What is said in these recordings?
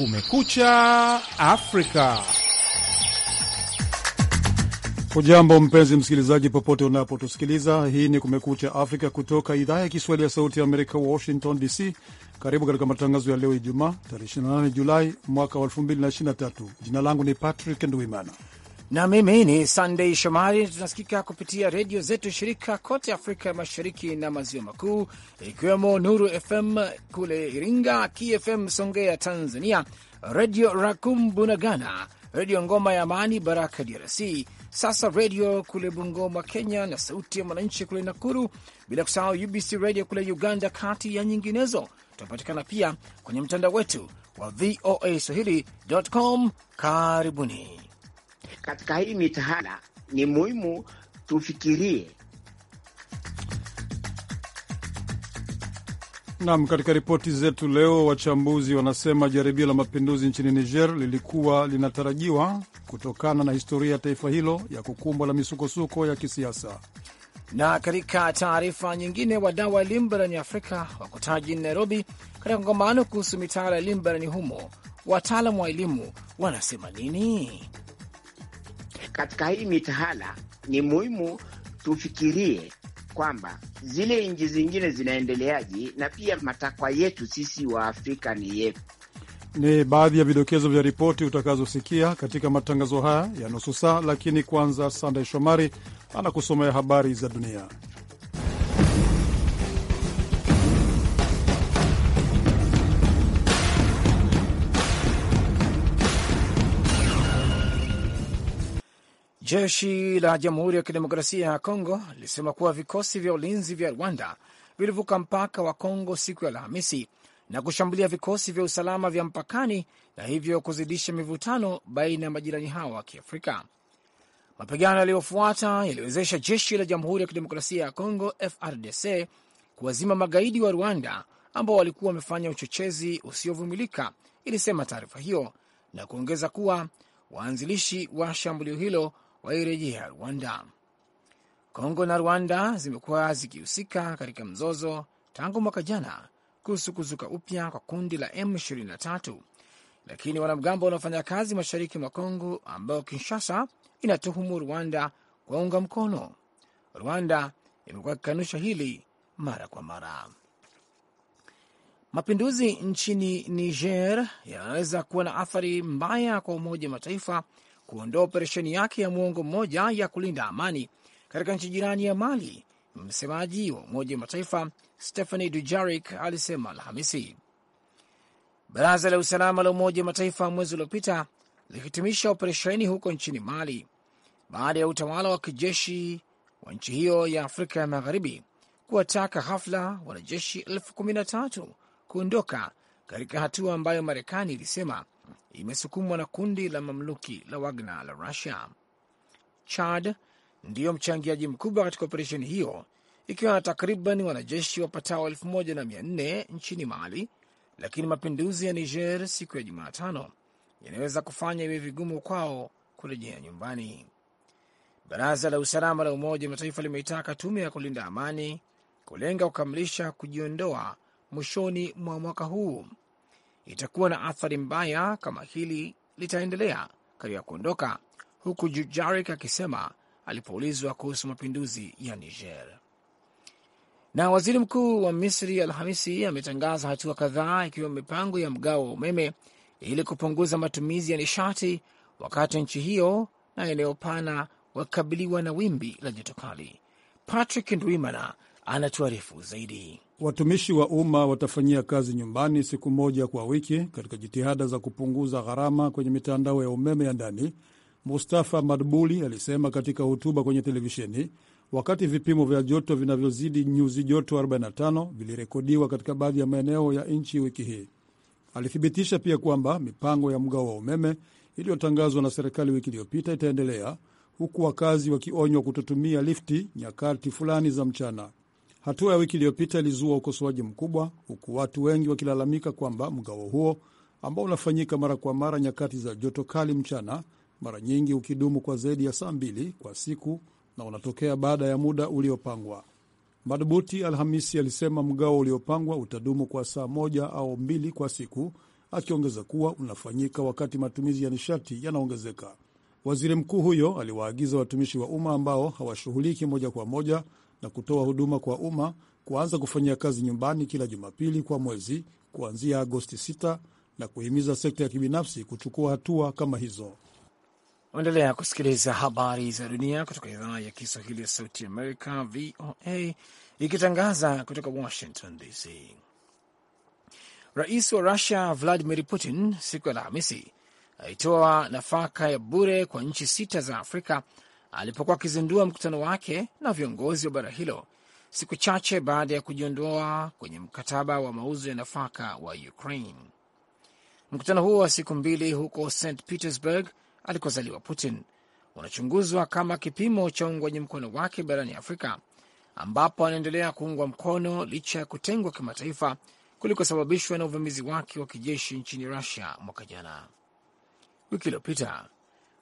Kumekucha Afrika. Hujambo mpenzi msikilizaji, popote unapotusikiliza. Hii ni Kumekucha Afrika kutoka idhaa ya Kiswahili ya Sauti ya Amerika, Washington DC. Karibu katika matangazo ya leo Ijumaa, tarehe 28 Julai mwaka wa 2023. Jina langu ni Patrick Ndwimana na mimi ni sandei Shomari. Tunasikika kupitia redio zetu shirika kote Afrika Mashariki na Maziwa Makuu, ikiwemo Nuru FM kule Iringa, KFM Songea Tanzania, Redio Rakum Bunagana, Redio Ngoma ya Amani Baraka DRC, Sasa Redio kule Bungoma Kenya, na Sauti ya Mwananchi kule Nakuru, bila kusahau UBC Redio kule Uganda, kati ya nyinginezo. Tunapatikana pia kwenye mtandao wetu wa VOA Swahili.com. Karibuni katika hii mitahala ni muhimu tufikirie. Nam, katika ripoti zetu leo, wachambuzi wanasema jaribio la mapinduzi nchini Niger lilikuwa linatarajiwa kutokana na historia ya taifa hilo ya kukumbwa na misukosuko ya kisiasa. Na katika taarifa nyingine, wadau wa elimu barani Afrika wakutana jijini Nairobi katika kongamano kuhusu mitaala ya elimu barani humo. Wataalamu wa elimu wanasema nini? katika hii mitahala ni muhimu tufikirie kwamba zile nchi zingine zinaendeleaje na pia matakwa yetu sisi wa Afrika ni yetu. Ni baadhi ya vidokezo vya ripoti utakazosikia katika matangazo haya ya nusu saa, lakini kwanza, Sandey Shomari anakusomea habari za dunia. Jeshi la Jamhuri ya Kidemokrasia ya Kongo lilisema kuwa vikosi vya ulinzi vya Rwanda vilivuka mpaka wa Kongo siku ya Alhamisi na kushambulia vikosi vya usalama vya mpakani na hivyo kuzidisha mivutano baina ya majirani hao wa Kiafrika. Mapigano yaliyofuata yaliwezesha jeshi la Jamhuri ya Kidemokrasia ya Kongo FRDC kuwazima magaidi wa Rwanda ambao walikuwa wamefanya uchochezi usiovumilika, ilisema taarifa hiyo, na kuongeza kuwa waanzilishi wa shambulio hilo wairejea Rwanda. Kongo na Rwanda zimekuwa zikihusika katika mzozo tangu mwaka jana kuhusu kuzuka upya kwa kundi la M23, lakini wanamgambo wanaofanya kazi mashariki mwa Kongo ambayo Kinshasa inatuhumu Rwanda kuwaunga mkono. Rwanda imekuwa ikikanusha hili mara kwa mara. Mapinduzi nchini Niger yanaweza kuwa na athari mbaya kwa Umoja wa Mataifa kuondoa operesheni yake ya muongo mmoja ya kulinda amani katika nchi jirani ya Mali. Msemaji wa Umoja wa Mataifa stephani Dujarik alisema Alhamisi. Baraza la Usalama la Umoja wa Mataifa mwezi uliopita likihitimisha operesheni huko nchini Mali baada ya utawala wa kijeshi wa nchi hiyo ya Afrika ya Magharibi kuwataka ghafla wanajeshi elfu kumi na tatu kuondoka katika hatua ambayo Marekani ilisema imesukumwa na kundi la mamluki la Wagner la Rusia. Chad ndiyo mchangiaji mkubwa katika operesheni hiyo ikiwa na takriban wanajeshi wapatao elfu moja na mia nne nchini Mali, lakini mapinduzi ya Niger siku ya Jumatano yanaweza kufanya iwe vigumu kwao kurejea nyumbani. Baraza la usalama la Umoja wa Mataifa limeitaka tume ya kulinda amani kulenga kukamilisha kujiondoa mwishoni mwa mwaka huu itakuwa na athari mbaya kama hili litaendelea katika kuondoka, huku Jujarik akisema alipoulizwa kuhusu mapinduzi ya Niger. Na waziri mkuu wa Misri Alhamisi ametangaza hatua kadhaa, ikiwemo mipango ya mgao wa umeme ili kupunguza matumizi ya nishati, wakati nchi hiyo na eneo pana wakikabiliwa na wimbi la joto kali. Patrick Ndwimana anatuarifu zaidi. Watumishi wa umma watafanyia kazi nyumbani siku moja kwa wiki katika jitihada za kupunguza gharama kwenye mitandao ya umeme ya ndani, Mustafa Madbuli alisema katika hotuba kwenye televisheni, wakati vipimo vya joto vinavyozidi nyuzi joto 45 vilirekodiwa katika baadhi ya maeneo ya nchi wiki hii. Alithibitisha pia kwamba mipango ya mgao wa umeme iliyotangazwa na serikali wiki iliyopita itaendelea, huku wakazi wakionywa kutotumia lifti nyakati fulani za mchana. Hatua ya wiki iliyopita ilizua ukosoaji mkubwa, huku watu wengi wakilalamika kwamba mgao huo ambao unafanyika mara kwa mara nyakati za joto kali mchana, mara nyingi ukidumu kwa zaidi ya saa mbili kwa siku na unatokea baada ya muda uliopangwa. Madhubuti Alhamisi alisema mgao uliopangwa utadumu kwa saa moja au mbili kwa siku, akiongeza kuwa unafanyika wakati matumizi ya nishati yanaongezeka. Waziri mkuu huyo aliwaagiza watumishi wa umma ambao hawashughuliki moja kwa moja na kutoa huduma kwa umma kuanza kufanyia kazi nyumbani kila Jumapili kwa mwezi kuanzia Agosti 6 na kuhimiza sekta ya kibinafsi kuchukua hatua kama hizo. Endelea kusikiliza habari za dunia kutoka idhaa ya Kiswahili ya Sauti Amerika, VOA, ikitangaza kutoka Washington DC. Rais wa Rusia Vladimir Putin siku ya Alhamisi alitoa nafaka ya bure kwa nchi sita za Afrika alipokuwa akizindua mkutano wake na viongozi wa bara hilo siku chache baada ya kujiondoa kwenye mkataba wa mauzo ya nafaka wa Ukraine. Mkutano huo wa siku mbili huko St Petersburg, alikozaliwa Putin, unachunguzwa kama kipimo cha uungwaji mkono wake barani Afrika, ambapo anaendelea kuungwa mkono licha ya kutengwa kimataifa kulikosababishwa na uvamizi wake wa kijeshi nchini Rusia mwaka jana. Wiki iliyopita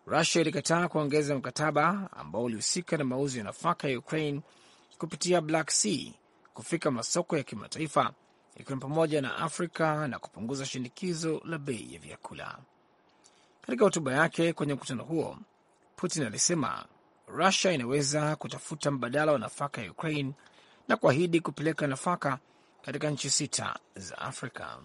Rusia ilikataa kuongeza mkataba ambao ulihusika na mauzo ya nafaka ya Ukraine kupitia Black Sea kufika masoko ya kimataifa ikiwa ni pamoja na Afrika na kupunguza shinikizo la bei ya vyakula. Katika hotuba yake kwenye mkutano huo, Putin alisema Rusia inaweza kutafuta mbadala wa nafaka ya Ukraine na kuahidi kupeleka nafaka katika nchi sita za Afrika.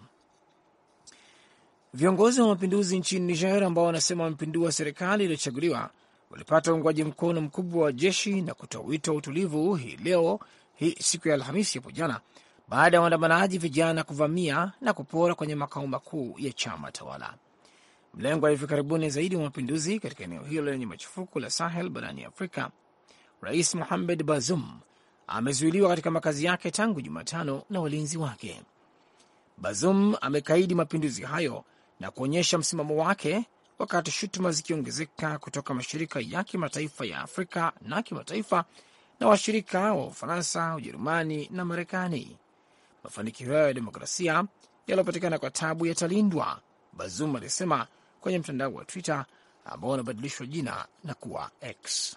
Viongozi wa mapinduzi nchini Niger ambao wanasema wamepindua serikali iliyochaguliwa walipata uungwaji mkono mkubwa wa jeshi na kutoa wito wa utulivu hii leo hii siku ya Alhamisi hapo jana baada ya waandamanaji vijana kuvamia na kupora kwenye makao makuu ya chama tawala. Mlengo wa hivi karibuni zaidi wa mapinduzi katika eneo hilo lenye machafuko la Sahel barani Afrika, Rais Mohamed Bazoum amezuiliwa katika makazi yake tangu Jumatano na walinzi wake. Bazoum amekaidi mapinduzi hayo na kuonyesha msimamo wake wakati shutuma zikiongezeka kutoka mashirika ya kimataifa ya Afrika na kimataifa na washirika wa Ufaransa, Ujerumani na Marekani. Mafanikio hayo ya demokrasia yaliyopatikana kwa tabu yatalindwa, Bazum alisema kwenye mtandao wa Twitter ambao unabadilishwa jina na kuwa X.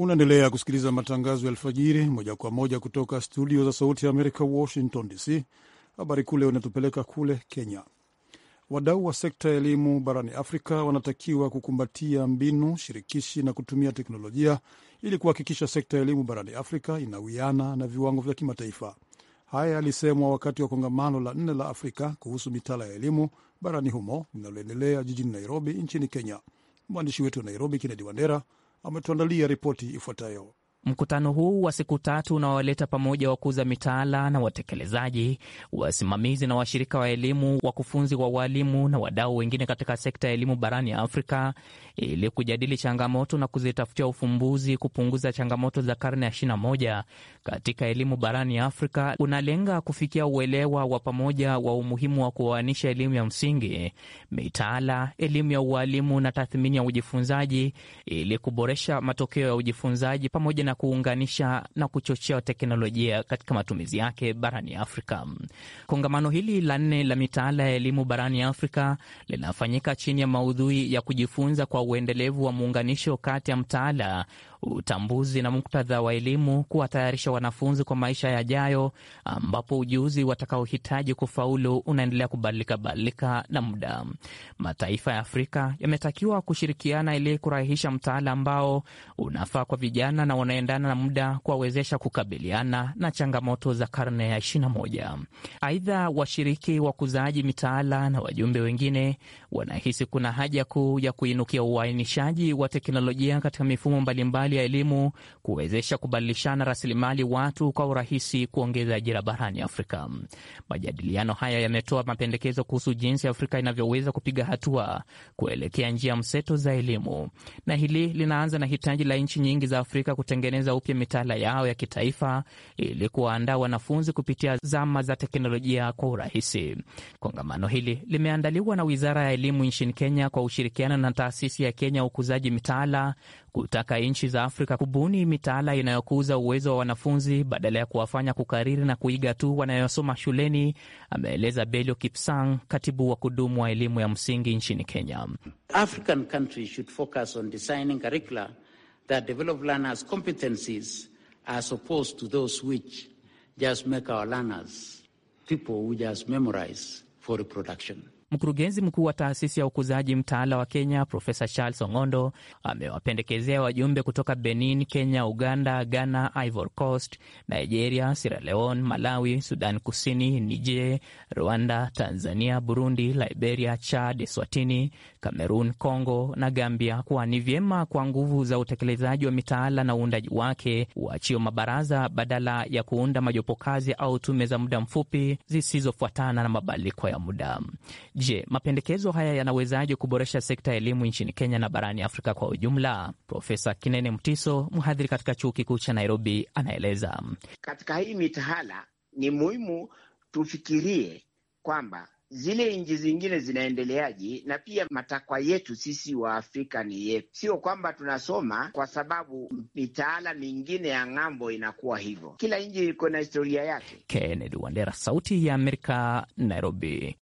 Unaendelea kusikiliza matangazo ya alfajiri moja kwa moja kutoka studio za Sauti ya Amerika, Washington DC. Habari kule unatupeleka kule Kenya. Wadau wa sekta ya elimu barani Afrika wanatakiwa kukumbatia mbinu shirikishi na kutumia teknolojia ili kuhakikisha sekta ya elimu barani Afrika inawiana na viwango vya kimataifa. Haya yalisemwa wakati wa kongamano la nne la Afrika kuhusu mitaala ya elimu barani humo linaloendelea jijini Nairobi nchini Kenya. Mwandishi wetu wa Nairobi, Kennedy Wandera, ametuandalia ripoti ifuatayo. Mkutano huu wa siku tatu unawaleta pamoja wakuza mitaala na watekelezaji, wasimamizi na washirika wa elimu, wakufunzi wa walimu na wadau wengine katika sekta ya elimu barani Afrika ili kujadili changamoto na kuzitafutia ufumbuzi, kupunguza changamoto za karne ya 21 katika elimu barani Afrika. Unalenga kufikia uelewa wa pamoja wa umuhimu wa kuoanisha elimu ya msingi, mitaala, elimu ya ualimu na tathmini ya ujifunzaji ili kuboresha matokeo ya ujifunzaji pamoja na kuunganisha na kuchochea teknolojia katika matumizi yake barani Afrika. Kongamano hili la nne la mitaala ya elimu barani Afrika linafanyika chini ya maudhui ya kujifunza kwa uendelevu wa muunganisho kati ya mtaala utambuzi na muktadha wa elimu, kuwatayarisha wanafunzi kwa maisha yajayo, ambapo ujuzi watakaohitaji kufaulu unaendelea kubadilika badilika na muda. Mataifa ya Afrika yametakiwa kushirikiana ili kurahisha mtaala ambao unafaa kwa vijana na wanaendana na muda, kuwawezesha kukabiliana na changamoto za karne ya 21. Aidha, washiriki wakuzaaji mitaala na wajumbe wengine wanahisi kuna haja kuu ya kuinukia uainishaji wa teknolojia katika mifumo mbalimbali serikali ya elimu kuwezesha kubadilishana rasilimali watu kwa urahisi, kuongeza ajira barani Afrika. Majadiliano haya yametoa mapendekezo kuhusu jinsi Afrika inavyoweza kupiga hatua kuelekea njia mseto za elimu, na hili linaanza na hitaji la nchi nyingi za Afrika kutengeneza upya mitaala yao ya kitaifa ili kuwaandaa wanafunzi kupitia zama za teknolojia kwa urahisi. Kongamano hili limeandaliwa na wizara ya elimu nchini Kenya kwa ushirikiano na taasisi ya Kenya ukuzaji mitaala kutaka nchi za za Afrika kubuni mitaala inayokuza uwezo wa wanafunzi badala ya kuwafanya kukariri na kuiga tu wanayosoma shuleni, ameeleza Belio Kipsang, katibu wa kudumu wa elimu ya msingi nchini Kenya. African countries should focus on designing curricula that develop learners competencies as opposed to those which just make our learners people who just memorize for reproduction. Mkurugenzi mkuu wa taasisi ya ukuzaji mtaala wa Kenya Profesa Charles Ong'ondo amewapendekezea wajumbe kutoka Benin, Kenya, Uganda, Ghana, Ivory Coast, Nigeria, Sierra Leone, Malawi, Sudan Kusini, Niger, Rwanda, Tanzania, Burundi, Liberia, Chad, Eswatini, Cameroon, Congo na Gambia kuwa ni vyema kwa nguvu za utekelezaji wa mitaala na uundaji wake uachio mabaraza badala ya kuunda majopo kazi au tume za muda mfupi zisizofuatana na mabadiliko ya muda. Je, mapendekezo haya yanawezaje kuboresha sekta ya elimu nchini Kenya na barani Afrika kwa ujumla? Profesa Kinene Mtiso, mhadhiri katika chuo kikuu cha Nairobi, anaeleza. Katika hii mitahala ni muhimu tufikirie kwamba zile nchi zingine zinaendeleaji na pia matakwa yetu sisi wa Afrika ni yetu, sio kwamba tunasoma kwa sababu mitaala mingine ya ng'ambo inakuwa hivyo. Kila nchi iko na historia yake. Kennedy Wandera, Sauti ya Amerika, Nairobi.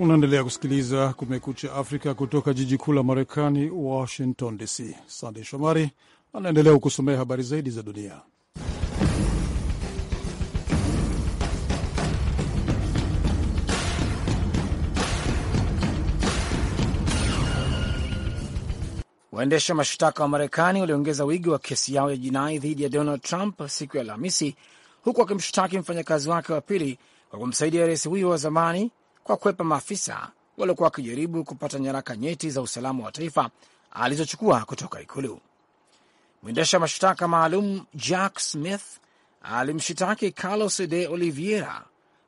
Unaendelea kusikiliza Kumekucha Afrika kutoka jiji kuu la Marekani, Washington DC. Sandey Shomari anaendelea kukusomea habari zaidi za dunia. Waendesha mashtaka wa Marekani waliongeza wigi wa kesi yao ya jinai dhidi ya Donald Trump siku ya Alhamisi, huku akimshtaki mfanyakazi wake wa pili kwa kumsaidia rais huyo wa zamani kwa kwepa maafisa waliokuwa wakijaribu kupata nyaraka nyeti za usalama wa taifa alizochukua kutoka Ikulu. Mwendesha mashtaka maalum Jack Smith alimshitaki Carlos de Oliveira,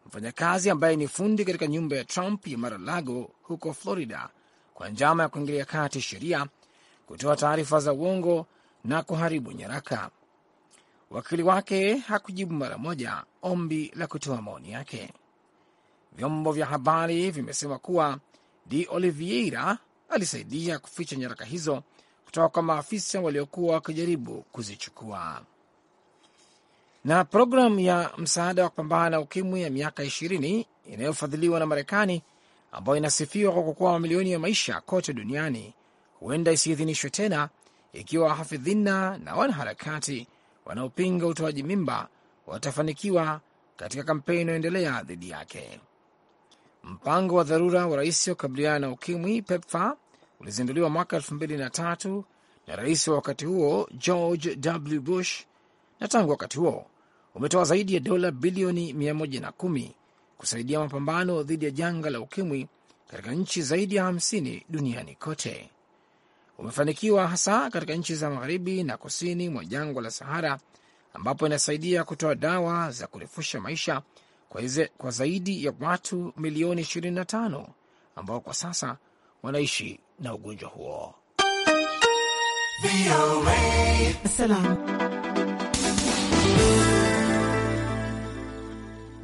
mfanyakazi ambaye ni fundi katika nyumba ya Trump ya Mar-a-Lago huko Florida, kwa njama ya kuingilia kati sheria, kutoa taarifa za uongo na kuharibu nyaraka. Wakili wake hakujibu mara moja ombi la kutoa maoni yake. Vyombo vya habari vimesema kuwa De Oliveira alisaidia kuficha nyaraka hizo kutoka kwa maafisa waliokuwa wakijaribu kuzichukua. Na programu ya msaada wa kupambana na ukimwi ya miaka ishirini inayofadhiliwa na Marekani ambayo inasifiwa kwa kuokoa mamilioni ya maisha kote duniani huenda isiidhinishwe tena ikiwa wahafidhina na wanaharakati wanaopinga utoaji mimba watafanikiwa katika kampeni inayoendelea dhidi yake. Mpango wa dharura wa rais wa kukabiliana na ukimwi PEPFA ulizinduliwa mwaka elfu mbili na tatu na rais wa wakati huo George W. Bush, na tangu wakati huo umetoa zaidi ya dola bilioni 110 kusaidia mapambano dhidi ya janga la ukimwi katika nchi zaidi ya 50 duniani kote. Umefanikiwa hasa katika nchi za magharibi na kusini mwa jangwa la Sahara, ambapo inasaidia kutoa dawa za kurefusha maisha kwa, kwa zaidi ya watu milioni 25 ambao kwa sasa wanaishi na ugonjwa huo.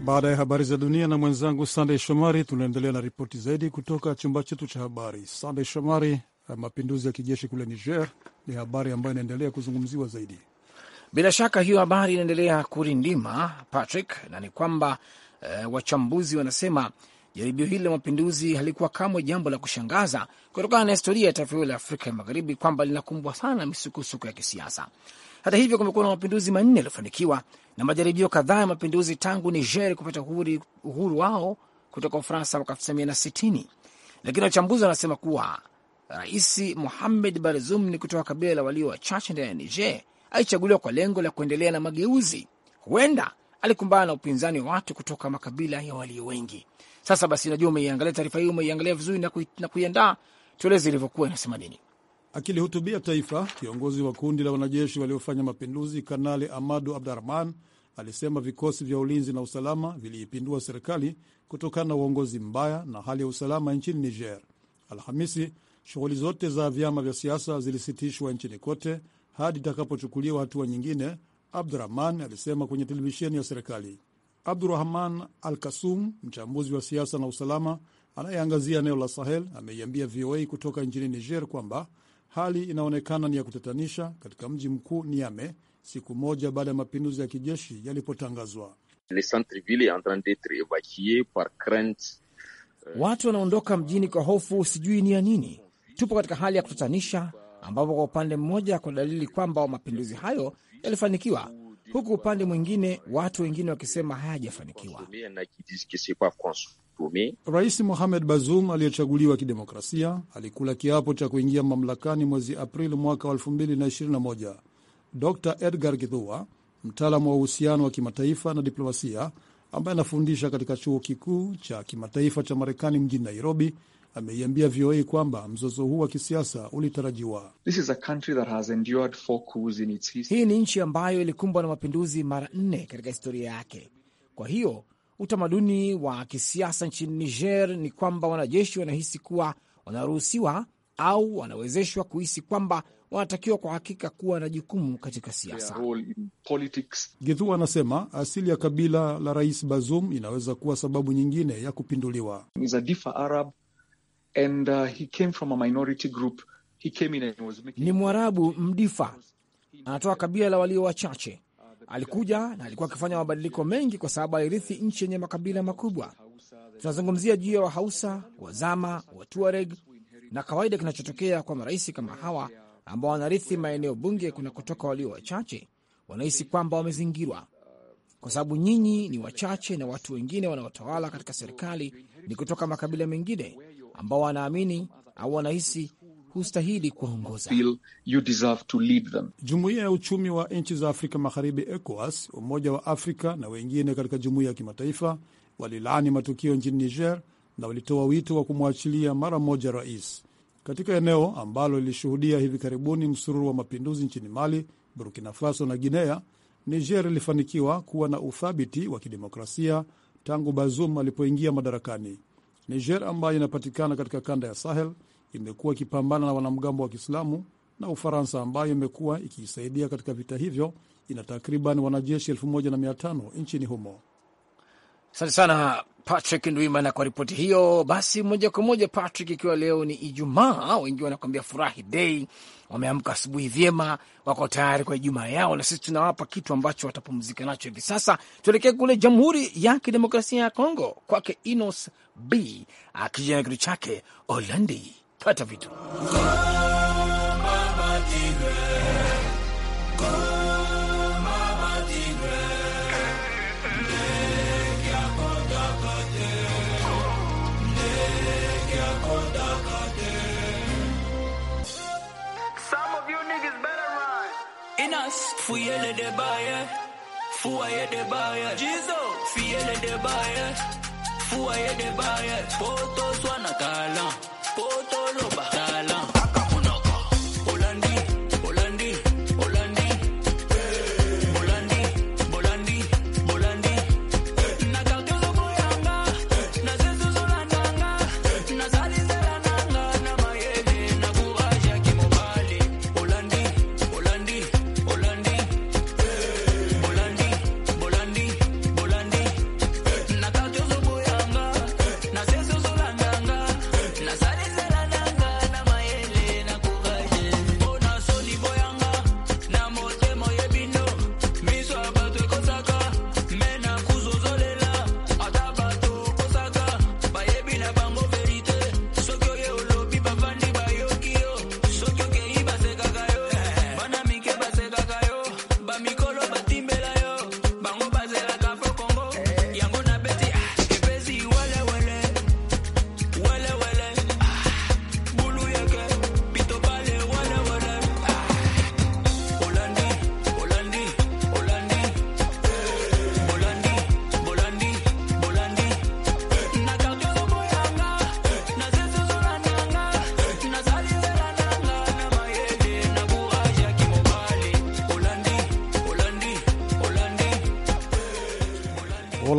Baada ya habari za dunia na mwenzangu Sandey Shomari, tunaendelea na ripoti zaidi kutoka chumba chetu cha habari. Sandey Shomari, mapinduzi ya kijeshi kule Niger ni habari ambayo inaendelea kuzungumziwa zaidi. Bila shaka hiyo habari inaendelea kurindima Patrick, na ni kwamba e, wachambuzi wanasema jaribio hili la mapinduzi halikuwa kamwe jambo la kushangaza kutokana na historia ya taifa hilo la Afrika ya Magharibi, kwamba linakumbwa sana misukusuku misukosuko ya kisiasa. Hata hivyo, kumekuwa na mapinduzi manne yaliyofanikiwa na majaribio kadhaa ya mapinduzi tangu Niger kupata uhuru, uhuru wao kutoka Ufaransa mwaka 1960 lakini wachambuzi wanasema kuwa Rais Mohamed Barzum ni kutoka kabila la walio wachache ndani ya Niger alichaguliwa kwa lengo la kuendelea na mageuzi. Huenda alikumbana na upinzani wa watu kutoka makabila ya walio wengi. Sasa basi, najua umeiangalia taarifa hii, umeiangalia vizuri na, kuiandaa. Tueleze ilivyokuwa, inasema nini? Akilihutubia taifa, kiongozi wa kundi la wanajeshi waliofanya mapinduzi Kanali Amadu abdurahman alisema vikosi vya ulinzi na usalama viliipindua serikali kutokana na uongozi mbaya na hali ya usalama nchini Niger. Alhamisi, shughuli zote za vyama vya siasa zilisitishwa nchini kote hadi itakapochukuliwa hatua nyingine, Abdurahman alisema kwenye televisheni ya serikali. Abdurahman Al Kasum, mchambuzi wa siasa na usalama anayeangazia eneo la Sahel, ameiambia VOA kutoka nchini Niger kwamba hali inaonekana ni ya kutatanisha katika mji mkuu Niame, siku moja baada ya mapinduzi ya kijeshi yalipotangazwa. Watu wanaondoka mjini kwa hofu, sijui ni ya nini. Tupo katika hali ya kutatanisha ambapo kwa upande mmoja kuna dalili kwamba mapinduzi hayo yalifanikiwa, huku upande mwingine watu wengine wakisema hayajafanikiwa. Rais Mohamed Bazoum aliyechaguliwa kidemokrasia alikula kiapo cha kuingia mamlakani mwezi Aprili mwaka wa 2021. Dr Edgar Githua, mtaalamu wa uhusiano wa kimataifa na diplomasia ambaye anafundisha katika chuo kikuu cha kimataifa cha Marekani mjini Nairobi, ameiambia VOA kwamba mzozo huu wa kisiasa ulitarajiwa. Hii ni nchi ambayo ilikumbwa na mapinduzi mara nne katika historia yake. Kwa hiyo utamaduni wa kisiasa nchini Niger ni kwamba wanajeshi wanahisi kuwa wanaruhusiwa au wanawezeshwa kuhisi kwamba wanatakiwa kwa hakika kuwa na jukumu katika siasa. Githu anasema asili ya kabila la Rais Bazoum inaweza kuwa sababu nyingine ya kupinduliwa. And, uh, he came from a minority group. He came in and was making... ni Mwarabu mdifa anatoka kabila la walio wachache. Alikuja na alikuwa akifanya mabadiliko mengi, kwa sababu alirithi nchi yenye makabila makubwa. Tunazungumzia juu ya Wahausa, Wazama, Watuareg, na kawaida kinachotokea kwa marais kama hawa ambao wanarithi maeneo bunge kuna kutoka walio wachache, wanahisi kwamba wamezingirwa, kwa sababu nyinyi ni wachache na watu wengine wanaotawala katika serikali ni kutoka makabila mengine ambao wanaamini au wanahisi hustahili kuwaongoza. Jumuiya ya uchumi wa nchi za Afrika Magharibi, ECOWAS, Umoja wa Afrika na wengine katika jumuiya ya kimataifa walilaani matukio nchini Niger na walitoa wito wa kumwachilia mara moja rais, katika eneo ambalo lilishuhudia hivi karibuni msururu wa mapinduzi nchini Mali, Burkina Faso na Guinea. Niger ilifanikiwa kuwa na uthabiti wa kidemokrasia tangu Bazoum alipoingia madarakani. Niger ambayo inapatikana katika kanda ya Sahel imekuwa ikipambana na wanamgambo wa Kiislamu na Ufaransa ambayo imekuwa ikiisaidia katika vita hivyo ina takriban wanajeshi 1500 nchini humo. Asante sana Patrick Ndwimana kwa ripoti hiyo. Basi moja kwa moja Patrick, ikiwa leo ni Ijumaa, wengi wanakuambia furahi dei, wameamka asubuhi vyema, wako tayari kwa Ijumaa yao, na sisi tunawapa kitu ambacho watapumzika nacho hivi sasa. Tuelekee kule Jamhuri ya Kidemokrasia ya Kongo, kwake Inos B akija na kitu chake Olandi pata vitu Fua ye de baya, Jizo, fiele de baya, Fua ye de baya, Poto swana kalan.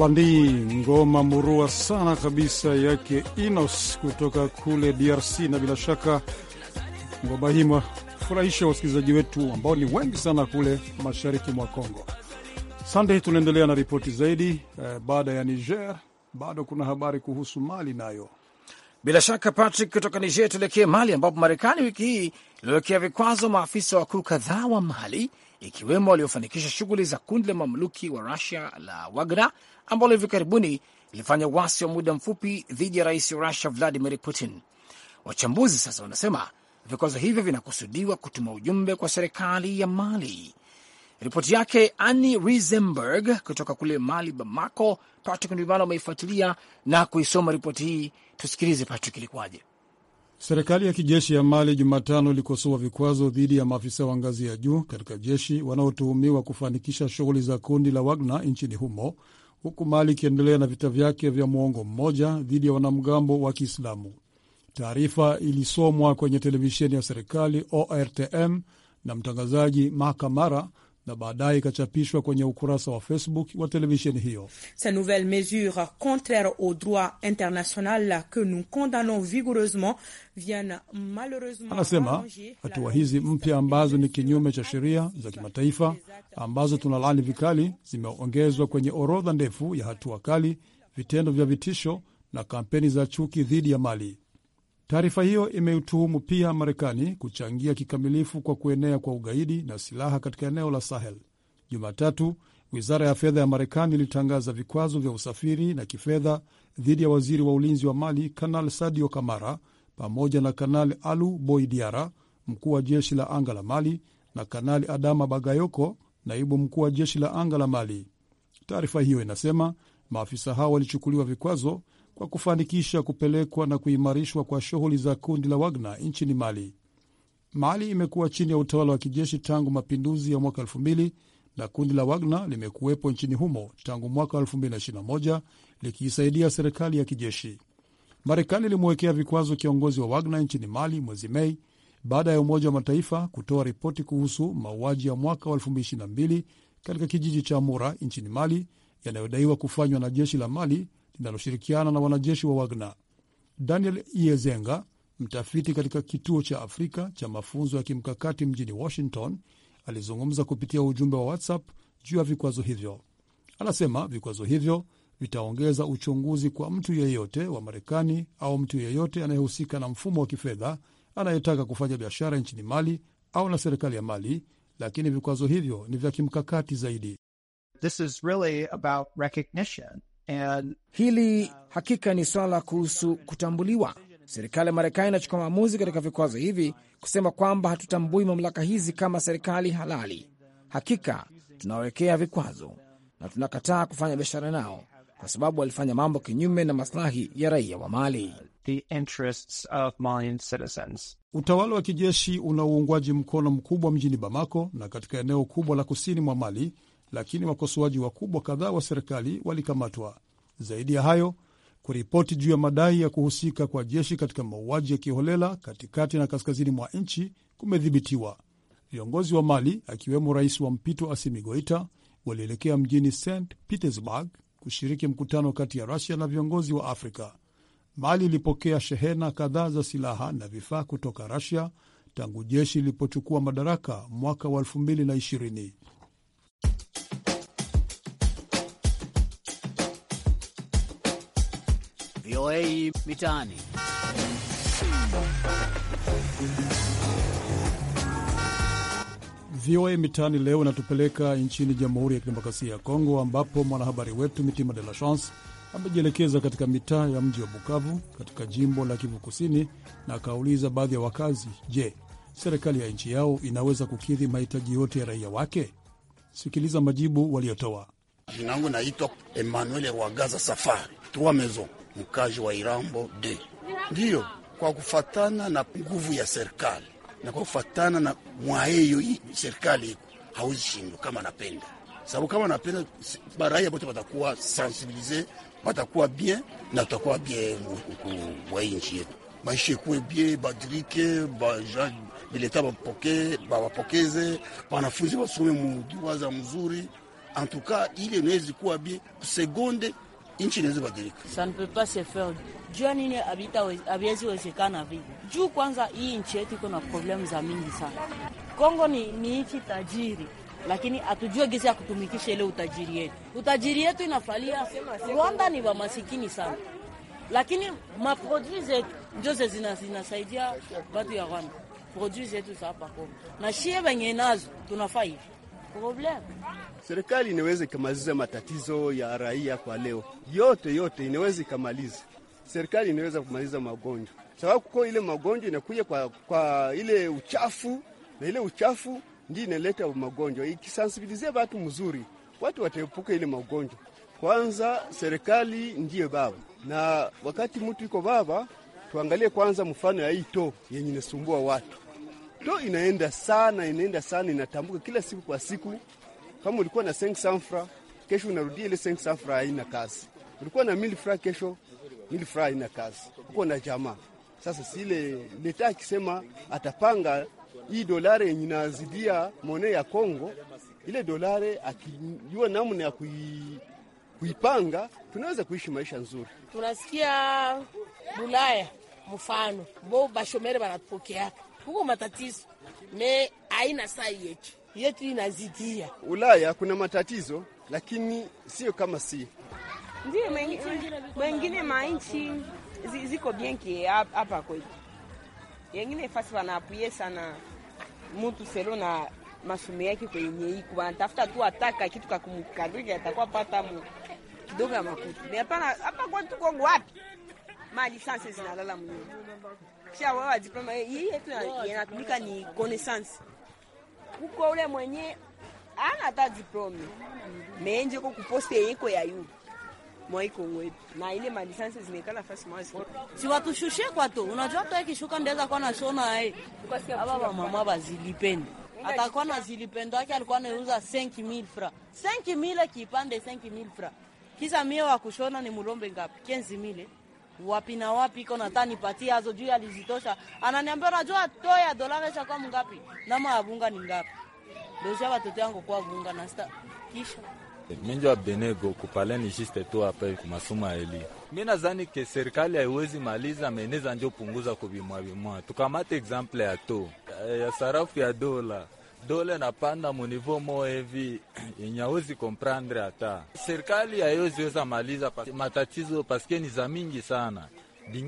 Bandi, ngoma murua sana kabisa yake Inos kutoka kule DRC, na bila shaka ngoma hii mafurahisha wasikilizaji wetu ambao ni wengi sana kule mashariki mwa congo Sunday, tunaendelea na ripoti zaidi. Eh, baada ya Niger bado kuna habari kuhusu Mali nayo bila shaka Patrick, kutoka Niger tuelekee Mali ambapo Marekani wiki hii iliwekea vikwazo maafisa wakuu kadhaa wa Mali ikiwemo waliofanikisha shughuli za kundi la mamluki wa Rusia la Wagner ambalo hivi karibuni lilifanya uasi wa muda mfupi dhidi ya rais wa Rusia Vladimir Putin. Wachambuzi sasa wanasema vikwazo hivyo vinakusudiwa kutuma ujumbe kwa serikali ya Mali. Ripoti yake ani Risenberg kutoka kule Mali, Bamako. Patrick Ndimana ameifuatilia na kuisoma ripoti hii. Tusikilize Patrick, ilikuwaje? Serikali ya kijeshi ya Mali Jumatano ilikosoa vikwazo dhidi ya maafisa wa ngazi ya juu katika jeshi wanaotuhumiwa kufanikisha shughuli za kundi la Wagner nchini humo, huku Mali ikiendelea na vita vyake vya muongo mmoja dhidi ya wanamgambo wa Kiislamu. Taarifa ilisomwa kwenye televisheni ya serikali ORTM na mtangazaji Mahamara na baadaye ikachapishwa kwenye ukurasa wa Facebook wa televisheni hiyo. Ces nouvelle mesure contraire au droit international que nous condamnons vigoureusement malheureusement. Anasema hatua hizi mpya ambazo ni kinyume cha sheria za kimataifa ambazo tunalaani vikali zimeongezwa kwenye orodha ndefu ya hatua kali, vitendo vya vitisho na kampeni za chuki dhidi ya Mali. Taarifa hiyo imeutuhumu pia Marekani kuchangia kikamilifu kwa kuenea kwa ugaidi na silaha katika eneo la Sahel. Jumatatu, wizara ya fedha ya Marekani ilitangaza vikwazo vya usafiri na kifedha dhidi ya waziri wa ulinzi wa Mali Kanal Sadio Kamara pamoja na Kanali Alu Boidiara, mkuu wa jeshi la anga la Mali, na Kanali Adama Bagayoko, naibu mkuu wa jeshi la anga la Mali. Taarifa hiyo inasema maafisa hao walichukuliwa vikwazo kwa kufanikisha kupelekwa na kuimarishwa kwa shughuli za kundi la Wagner nchini Mali. Mali imekuwa chini ya utawala wa kijeshi tangu mapinduzi ya mwaka 2000 na kundi la Wagner limekuwepo nchini humo tangu mwaka 2021 likiisaidia serikali ya kijeshi. Marekani ilimwekea vikwazo kiongozi wa Wagner nchini Mali mwezi Mei baada ya Umoja wa Mataifa kutoa ripoti kuhusu mauaji ya mwaka wa 2022 katika kijiji cha Mura nchini Mali yanayodaiwa kufanywa na jeshi la Mali linaloshirikiana na wanajeshi wa Wagner. Daniel Iezenga, mtafiti katika kituo cha Afrika cha mafunzo ya kimkakati mjini Washington, alizungumza kupitia ujumbe wa WhatsApp juu ya vikwazo hivyo. Anasema vikwazo hivyo vitaongeza uchunguzi kwa mtu yeyote wa Marekani au mtu yeyote anayehusika na mfumo wa kifedha anayetaka kufanya biashara nchini Mali au na serikali ya Mali, lakini vikwazo hivyo ni vya kimkakati zaidi. This is really about recognition. And, hili uh, hakika ni swala kuhusu kutambuliwa. Serikali ya Marekani inachukua maamuzi katika vikwazo hivi, kusema kwamba hatutambui mamlaka hizi kama serikali halali. Hakika tunawekea vikwazo na tunakataa kufanya biashara nao kwa sababu walifanya mambo kinyume na maslahi ya raia wa Mali. The interests of Malian citizens. Utawala wa kijeshi una uungwaji mkono mkubwa mjini Bamako na katika eneo kubwa la kusini mwa Mali lakini wakosoaji wakubwa kadhaa wa serikali walikamatwa. Zaidi ya hayo, kuripoti juu ya madai ya kuhusika kwa jeshi katika mauaji ya kiholela katikati na kaskazini mwa nchi kumedhibitiwa. Viongozi wa Mali akiwemo rais wa mpito Asimi Goita walielekea mjini St Petersburg kushiriki mkutano kati ya Rusia na viongozi wa Afrika. Mali ilipokea shehena kadhaa za silaha na vifaa kutoka Rusia tangu jeshi lilipochukua madaraka mwaka wa 2020. VOA Mitaani. VOA Mitaani leo inatupeleka nchini Jamhuri ya Kidemokrasia ya Kongo, ambapo mwanahabari wetu Mitima De La Chance amejielekeza katika mitaa ya mji wa Bukavu katika jimbo la Kivu Kusini na akauliza baadhi ya wakazi, je, serikali ya nchi yao inaweza kukidhi mahitaji yote ya raia wake? Sikiliza majibu waliotoa. Jina langu naitwa Emmanuel Wagaza Safari trois maison, mkaji wa Irambo de ndiyo kwa kufatana na nguvu ya serikali na kwa kufatana na mwaeyo hii serikali iko hauzi shindwa kama napenda, sababu kama napenda baraia bote batakuwa sensibilize, batakuwa bien na tutakuwa bien wa nchi yetu, maisha ikuwe bie badirike baja bileta bawapokeze, banafunzi basome mudiwaza mzuri, antuka ile inawezi kuwa bie kusegonde nchi inaweza badilika. Jua nini haviwezi wezekana vile juu. Kwanza hii nchi yetu iko na problemu za mingi sana. Kongo ni, ni nchi tajiri lakini hatujue gisi ya kutumikisha ile utajiri yetu. Utajiri yetu inafalia Rwanda, ni wamasikini sana, lakini maprodui zetu njoze zinasaidia watu ya Rwanda, produi zetu za hapa Kongo na shie wenye nazo tunafaa hivi problem. Serikali inaweza ikamaliza matatizo ya raia kwa leo yote yote, inaweza ikamaliza serikali inaweza kumaliza magonjwa, sababu kuko ile magonjwa inakuja kwa, kwa ile uchafu na ile uchafu ndio inaleta magonjwa. Ikisansibilizia watu mzuri, watu wataepuka ile magonjwa. Kwanza serikali ndiye baba, na wakati mtu iko baba, tuangalie kwanza mfano ya hii to yenye inasumbua watu to inaenda sana, inaenda sana, inatambuka kila siku kwa siku. Kama ulikuwa na 500 francs, kesho unarudia ile 500 francs, haina kazi. Ulikuwa na 1000 fra, kesho 1000 fra, haina kazi. Uko na jamaa sasa, sile leta akisema atapanga hii dolari yenye inazidia mone ya Kongo, ile dolari akijua namna ya kui, kuipanga tunaweza kuishi maisha nzuri. Tunasikia Bulaya mfano bo bashomere banatupokeaka huko matatizo me aina saa yetu yetu inazidia. Ulaya kuna matatizo, lakini sio kama si ndio mwengine mainchi ziko bienki hapa kwetu, yengine fasi wanapuye sana mutu selo na masomo yake kwenye iko wanatafuta tu ataka kitu kakumkaduki atakuwa pata mu kidogo ya makutu. Hapana, hapa kwetu Kongo wapi mali sanse zinalala mwenyewe kisha wao diploma hii yetu inatumika ni connaissance. Kuko ule mwenye ana hata diploma menje ko kuposte yeko ya yu mwaiko wetu na ile ma malisansi zimekaa nafasi mwazi, si watu watushushe kwa to. Unajua hata ikishuka ndeza kwa na shona hai eh. aba ba mama bazilipende atakuwa na zilipendo yake, alikuwa anauza 5000 fra 5000 kipande 5000 fra kisa mie wa kushona ni mulombe ngapi? 15000 wapi na wapi iko nata nipatie hazo juu alizitosha. Ananiambia unajua toa ya dola isha kwa mngapi na mabunga ni ngapi? Ndio watoto yangu kwa bunga na sta kisha Minjo Abdenego kupaleni jiste tu hapa kumasuma eli. Mimi nadhani ke serikali haiwezi maliza meneza njo punguza kubimwa bimwa. Tukamate example ya to ya sarafu ya dola dole napanda munivo mo hivi yenye awezi komprendre, hata serikali hayoziweza maliza matatizo paske ni za mingi sana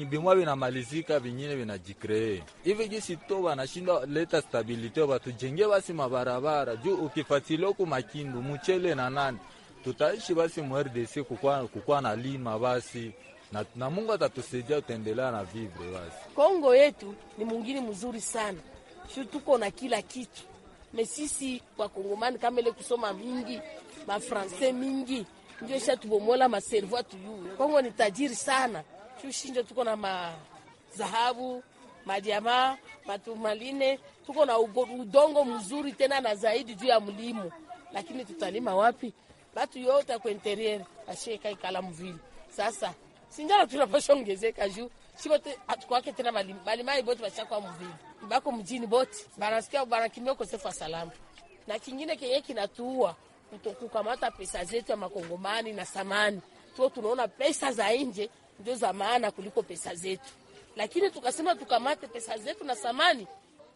bimwa binamalizika vingine vinajikree hivi jisi to vanashindwa leta stabilite vatujenge basi mabarabara juu ukifatiloku makindu muchele na nani tutaishi basi muRDC kukwa, kukwa na lima basi na, na Mungu atatusaidia tutaendelea na vivre basi. Kongo yetu ni mungini mzuri sana shu tuko na kila kitu mesisi wakongomani kama ile kusoma mingi mafranse mingi ndio isha tubomola maservo atuyue. Kongo ni tajiri sana, shushinje tuko na mazahabu madiama matumaline, tuko na udongo mzuri tena na zaidi juu ya mlimo, lakini tutalima wapi? Batu yote kwa interior asheka ikala mvili sasa sinjala tunapasha juu shibote atukwake tena malimai bote bashakuwa mvili bako mjini boti banasikia banakimbia ukosefu wa salama, na kingine kenye kinatuua kukamata pesa zetu ya makongomani na samani tuo, tunaona pesa za nje ndio za maana kuliko pesa zetu, lakini tukasema tukamate pesa zetu na samani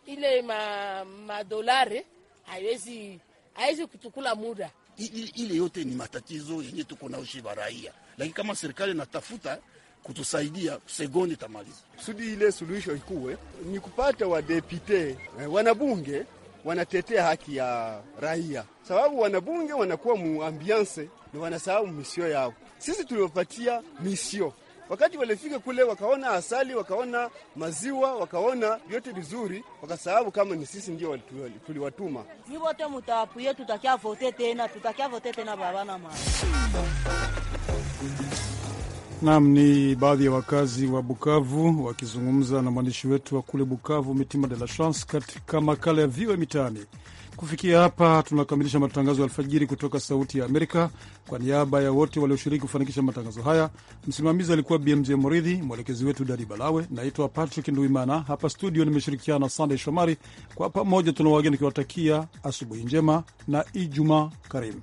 ile ma, madolare haiwezi haiwezi kutukula muda. Ile yote ni matatizo yenye tuko naoshi baraia, lakini kama serikali natafuta kutusaidia segondi tamaliza kusudi ile suluhisho ikuwe ni kupata wadepute eh, wanabunge wanatetea haki ya raia, sababu wanabunge wanakuwa muambiance na wanasahau misio yao. Sisi tuliwapatia misio wakati walifika kule wakaona asali, wakaona maziwa, wakaona vyote vizuri, wakasababu kama ni sisi ndio tuliwatuma. Ni wote mutawapuye, tutakia vote tena, tutakia vote tena, baba na mama Naam, ni baadhi ya wakazi wa Bukavu wakizungumza na mwandishi wetu wa kule Bukavu, Mitima de la Chance, katika makala ya VOA Mitaani. Kufikia hapa tunakamilisha matangazo ya alfajiri kutoka Sauti ya Amerika. Kwa niaba ya wote walioshiriki kufanikisha matangazo haya, msimamizi alikuwa BMJ Moridhi, mwelekezi wetu Dadi Balawe. Naitwa Patrick Nduimana, hapa studio nimeshirikiana na Sandey Shomari. Kwa pamoja tunawageni wageni nikiwatakia asubuhi njema na Ijumaa karimu.